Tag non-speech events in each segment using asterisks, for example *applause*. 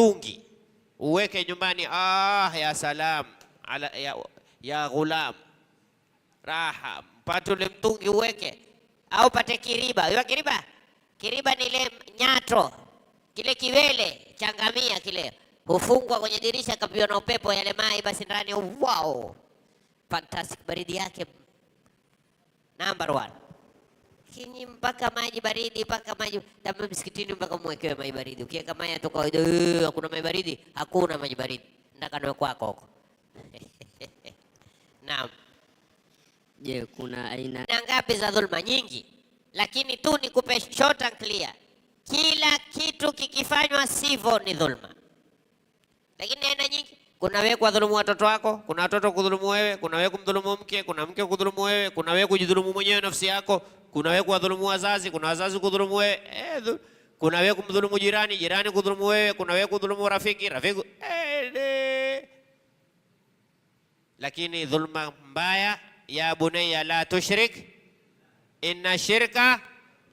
mtungi uweke nyumbani. Ah, ya salam ala, ya, ya ghulam raha, mpate ule mtungi uweke, au pate kiriba. Unajua kiriba? Kiriba ni ile nyato, kile kiwele changamia kile, hufungwa kwenye dirisha, kapiwa na upepo, yale mai basi ndani. Wow, fantastic, baridi yake number one kinyi mpaka maji baridi, mpaka maji tamaa. Msikitini mpaka mwekewe maji baridi, ukiweka maji tu kawaida, hakuna maji baridi, hakuna maji baridi, ndakanoe kwako huko. *laughs* Naam. Je, kuna aina na ngapi za dhulma? Nyingi, lakini tu nikupe short and clear, kila kitu kikifanywa sivyo ni dhulma, lakini aina nyingi kuna wewe kuwadhulumu watoto wako, kuna watoto kudhulumu wewe, kuna wewe kumdhulumu mke, kuna mke kudhulumu wewe, kuna wewe kujidhulumu mwenyewe nafsi yako, kuna wewe kuwadhulumu wazazi, kuna wazazi kudhulumu wewe, eh, kuna wewe kumdhulumu jirani, jirani kudhulumu wewe, kuna wewe kudhulumu rafiki, rafiki eh, lakini dhulma mbaya, ya bunayya la tushrik inna shirka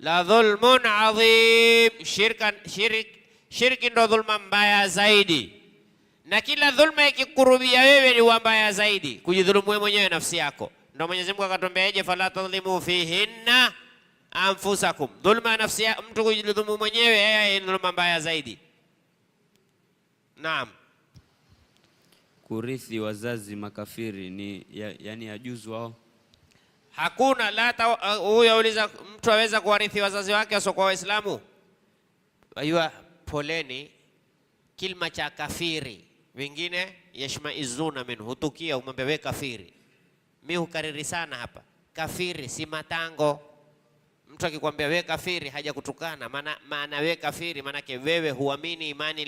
la dhulmun adhim, shirka shirki, shirki ndo dhulma mbaya zaidi na kila dhulma ikikurubia wewe ni mbaya zaidi, kujidhulumu wewe mwenyewe nafsi yako. Ndio Mwenyezi Mungu eje, fala tadhlimu fihinna anfusakum, dhulma ya nafsi ya mtu kujidhulumu mwenyewe, yeye ni dhulma mbaya zaidi. Naam. Kurithi wazazi makafiri ni ya, yani yajuzu wao hakuna la huyo uh, auliza mtu aweza kuwarithi wazazi wake wasiokuwa Waislamu? Ayua, poleni kilma cha kafiri wengine yashmaizuna min hutukia, umwambia we kafiri. Mi hukariri sana hapa, kafiri si matango. Mtu akikwambia we kafiri kutukana, maana maana we kafiri maanake wewe huamini imani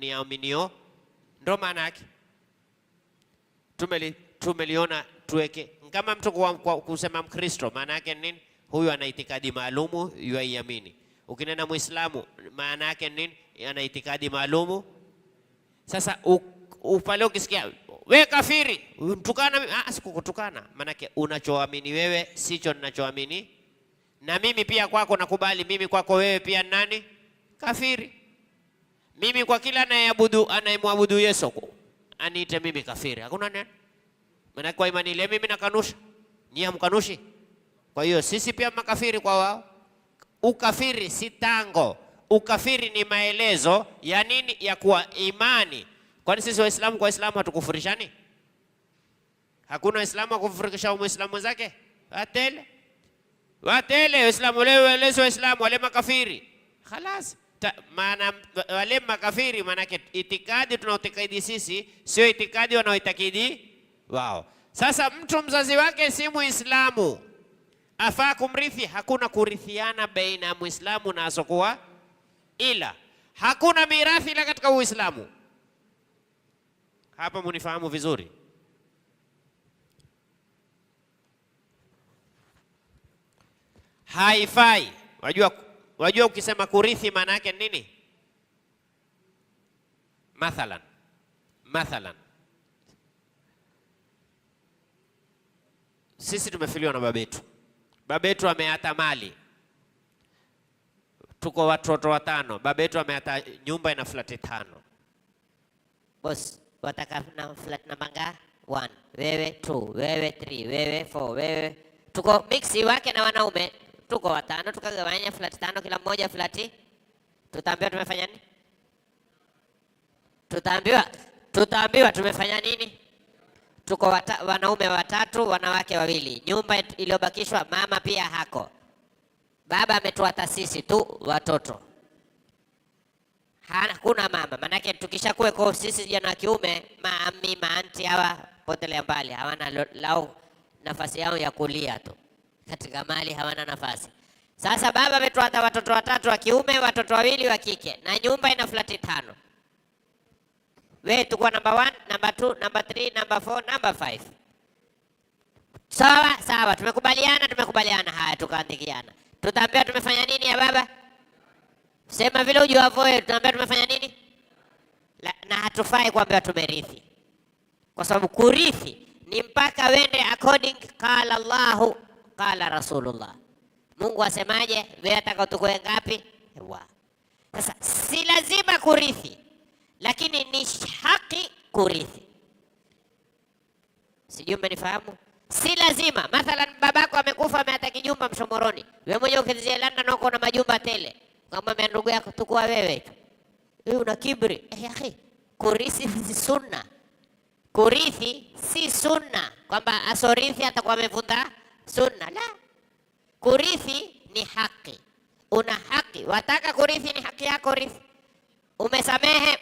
niaminio, ndo maana yake. Tumeli, tumeliona tuweke kama mtu kwa, kwa, kusema Mkristo maana yake nini? Huyu ana itikadi maalumu yuaiamini. Ukinena Muislamu maana yake nini? Ana itikadi maalumu sasa upale ukisikia we kafiri, mtukana, ah, sikukutukana. Maanake unachoamini wewe sicho ninachoamini na mimi pia kwako nakubali, mimi kwako wewe pia nani kafiri. Mimi kwa kila anayeabudu anayemwabudu Yesu aniite mimi kafiri, hakuna neno. Maanake kwa imani ile mimi nakanusha, nyie hamkanushi. Kwa hiyo sisi pia makafiri kwa wao. Ukafiri si tango ukafiri ni maelezo ya nini? Ya kuwa imani. Kwani sisi Waislamu kwa Waislamu hatukufurishani? Hakuna Waislamu akufurikisha Muislamu wenzake? watele watele. Waislamu leo waelezo Waislamu wale makafiri khalas. Maana wale makafiri maanake itikadi tunaotikadi sisi sio itikadi wanaoitakidi wao. Sasa mtu mzazi wake si Muislamu afaa kumrithi? Hakuna kurithiana baina ya Muislamu na asokuwa ila hakuna mirathi ila katika Uislamu. Hapa munifahamu vizuri. Haifai. Wajua, wajua ukisema kurithi maana yake nini? Mathalan, mathalan sisi tumefiliwa na babetu, babetu ameata mali tuko watoto watano, baba yetu ameata nyumba ina flati tano. Boss, wataka na flat namba ngapi? One, wewe two, wewe three, wewe four, wewe tuko mixi wake na wanaume tuko watano, tukagawanya flati tano, kila mmoja flati. Tutaambiwa tumefanya nini? Tutaambiwa, tutaambiwa tumefanya nini? Tuko wata, wanaume watatu, wanawake wawili, nyumba iliyobakishwa mama pia hako Baba ametuata sisi tu watoto, hakuna mama. maanake tukisha sisi jana wa kiume, maami maanti hawa potelea mbali, hawana lao nafasi yao ya kulia tu katika mali, hawana nafasi. Sasa baba ametuata watoto watatu wa kiume, watoto wawili wa kike, na nyumba ina flati tano. we tukuwa namba 1, namba 2, namba 3, namba 4, namba 5. Sawa sawa, tumekubaliana, tumekubaliana. Haya, tukaandikiana tutaambiwa tumefanya nini ya baba? Sema vile ujuavyo wewe, tutaambiwa tumefanya nini? La, na hatufai kuambiwa tumerithi, kwa sababu kurithi ni mpaka wende according kala Allahu kala Rasulullah, Mungu asemaje, wewe ataka utukue ngapi? Wa sasa, si lazima kurithi, lakini ni haki kurithi. Sijui mmenifahamu? si lazima mathalan babako amekufa ameata kijumba Mshomoroni, wewe mmoja ukizia London uko na majumba tele, kama mimi ndugu yako tukua wewe tu, wewe una kibri eh, akhi, kurithi si sunna. Kurithi si sunna kwamba asorithi atakuwa amevunja sunna, la kurithi ni haki, una haki. Wataka kurithi, ni haki yako, rithi. Umesamehe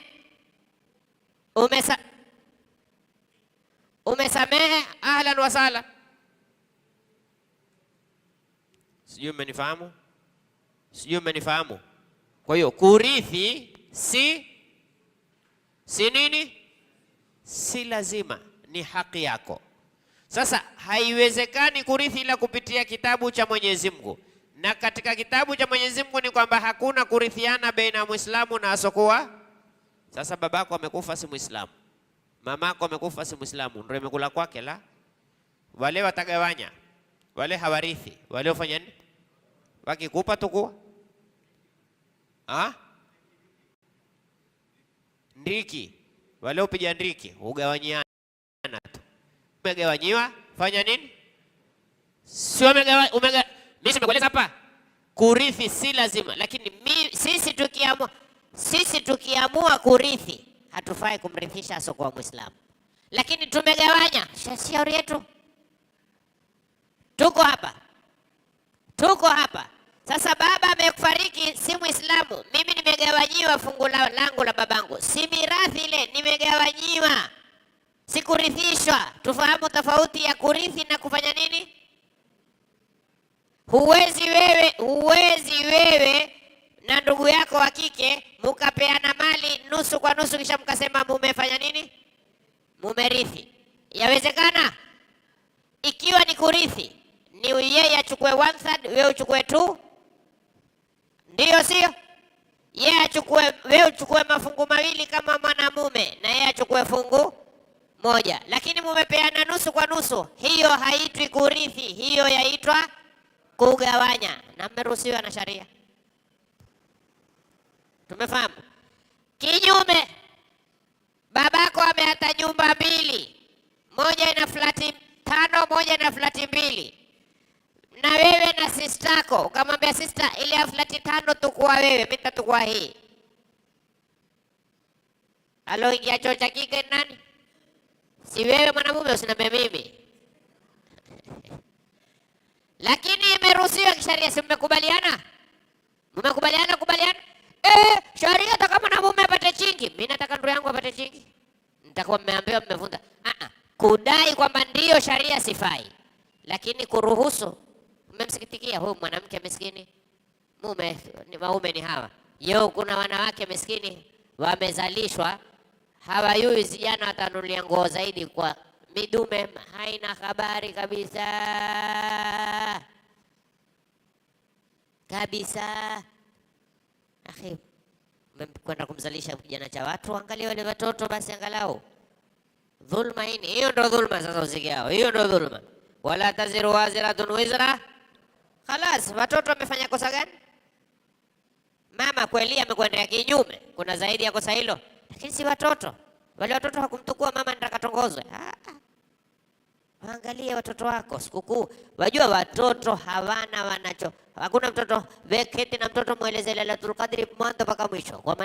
umesamehe umesamehe, ahlan wa sahlan. Sijui mmenifahamu, sijui mmenifahamu. Kwa hiyo kurithi si si nini, si lazima, ni haki yako. Sasa haiwezekani kurithi ila kupitia kitabu cha Mwenyezi Mungu, na katika kitabu cha Mwenyezi Mungu ni kwamba hakuna kurithiana baina ya Muislamu na asokuwa. Sasa babako amekufa, si Muislamu mamako amekufa, si Muislamu, ndio imekula kwake. La, wale watagawanya, wale hawarithi, wale wafanya nini? Wakikupa tukua ndiki wale upija ndiki, ugawanyiana tu. Umegawanyiwa, fanya nini? Si umegawa umega, mimi nimekueleza hapa, kurithi si lazima, lakini mi, sisi tukiamua sisi tukiamua kurithi hatufai kumrithisha asokuwa Mwislamu, lakini tumegawanya shauri yetu. Tuko hapa, tuko hapa sasa. Baba amekufariki, si Mwislamu, mimi nimegawanyiwa fungu langu la babangu, si mirathi ile, nimegawanyiwa, sikurithishwa. Tufahamu tofauti ya kurithi na kufanya nini. Huwezi wewe, huwezi wewe na ndugu yako wa kike mukapeana mali nusu kwa nusu, kisha mkasema mumefanya nini? Mumerithi. Yawezekana? Ikiwa ni kurithi, ni yeye achukue one third, wewe uchukue two, ndiyo sio? Yeye achukue, wewe uchukue mafungu mawili kama mwanamume, na yeye achukue fungu moja, lakini mumepeana nusu kwa nusu. Hiyo haitwi kurithi, hiyo yaitwa kugawanya, na mmeruhusiwa na sharia. Tumefahamu. Kinyume, babako ameata nyumba mbili, moja ina flati tano, moja ina flati mbili, na wewe na sistako ukamwambia, sista, ile ya flati tano tukua wewe, mimi nitatukua hii. Aloingia choo cha kike nani? Si wewe mwanamume, usiniambie mimi *laughs* lakini imeruhusiwa kisheria, si mmekubaliana? kwa mmeambiwa mmevunja. Ah, kudai kwamba ndiyo sharia sifai, lakini kuruhusu. Umemsikitikia huyu mwanamke miskini, mume ni waume ni hawa yeo. Kuna wanawake miskini wamezalishwa hawayui, zijana watanulia nguo zaidi kwa midume, haina habari kabisa kabisa. Akhi, kwenda kumzalisha kijana cha watu, angalia wale watoto basi, angalau Dhulma hii hiyo ndo dhulma. Sasa usikia hao, hiyo ndo dhulma. Wala taziru waziratun wizra khalas. Watoto wamefanya kosa gani? Mama kweli amekwendea kinyume, kuna zaidi ya kosa hilo, lakini si watoto wale. Watoto hakumtukua mama nitakatongozwe. Ah, waangalie watoto wako sikukuu. Wajua watoto hawana wanacho, hakuna mtoto veketi na mtoto mwelezele Lailatul Qadri mwanzo mpaka mwisho kwa,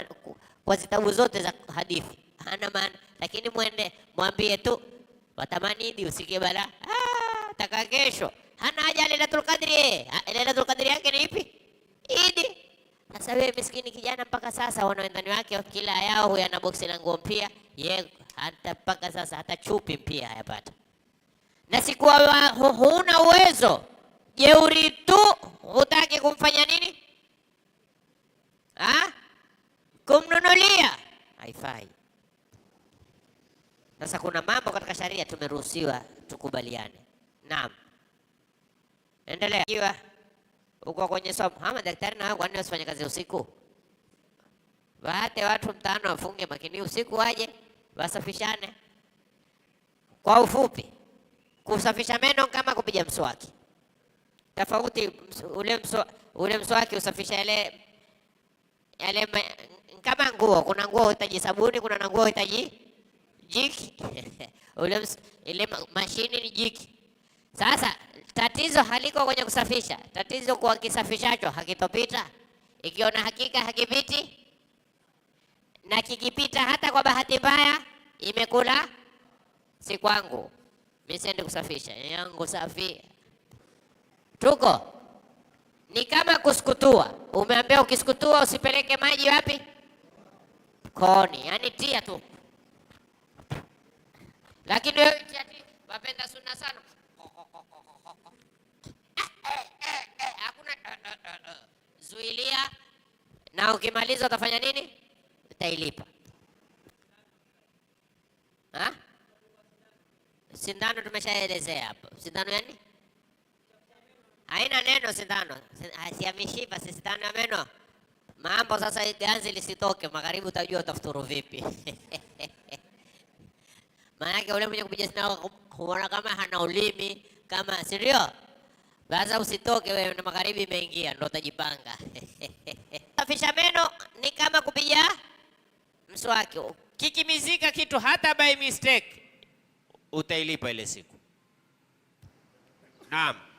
kwa zitabu zote za hadithi hana maana lakini mwende mwambie tu watamanidi usikie bala ah, taka kesho hana haja Lailatul Qadri. Ah, Lailatul Qadri yake ni ipi? Idi. Sasa wewe miskini kijana, mpaka sasa wanawendani wake kila yao huyo ana boksi la nguo mpia yeye hata mpaka sasa hata chupi mpia hayapata, na sikuwa huna uwezo, jeuri tu, hutaki kumfanya nini, ah? kumnunulia haifai. Sasa kuna mambo katika sharia tumeruhusiwa tukubaliane. Naam, endelea. Ikiwa uko kwenye somo ama daktari na wao, kwani wasifanye kazi usiku? Waate watu mtano wafunge makini usiku, waje wasafishane. Kwa ufupi, kusafisha meno kama kupiga mswaki, tofauti ule mswaki, ule mswaki usafisha ile ile kama nguo. Kuna nguo hitaji sabuni, kuna nguo hitaji jiki *laughs* ule ile mashini ni jiki. Sasa tatizo haliko kwenye kusafisha, tatizo kwa kisafishacho hakitopita. Ikiona hakika hakipiti, na kikipita hata kwa bahati mbaya imekula, si kwangu. Mimi siendi kusafisha yangu safi. Tuko ni kama kusukutua, umeambia ukisukutua usipeleke maji wapi? Kooni, yani tia tu lakini wewe ati wapenda sunna sana hakuna zuilia, na ukimaliza utafanya nini? Utailipa ha? Sindano tumeshaelezea hapo. Sindano ya nini? Haina neno sindano, si ya ah, mishipa, si sindano ya meno. Mambo sasa, ganzi lisitoke magharibi, utajua utafuturu vipi. *laughs* Maanake ule mwenye kupiga sindano kuona kama hana ulimi kama si ndio? Sasa usitoke wewe, na magharibi imeingia, ndio utajipanga. *laughs* Safisha meno ni kama kupiga mswaki, kikimizika kitu hata by mistake, utailipa ile siku. Naam.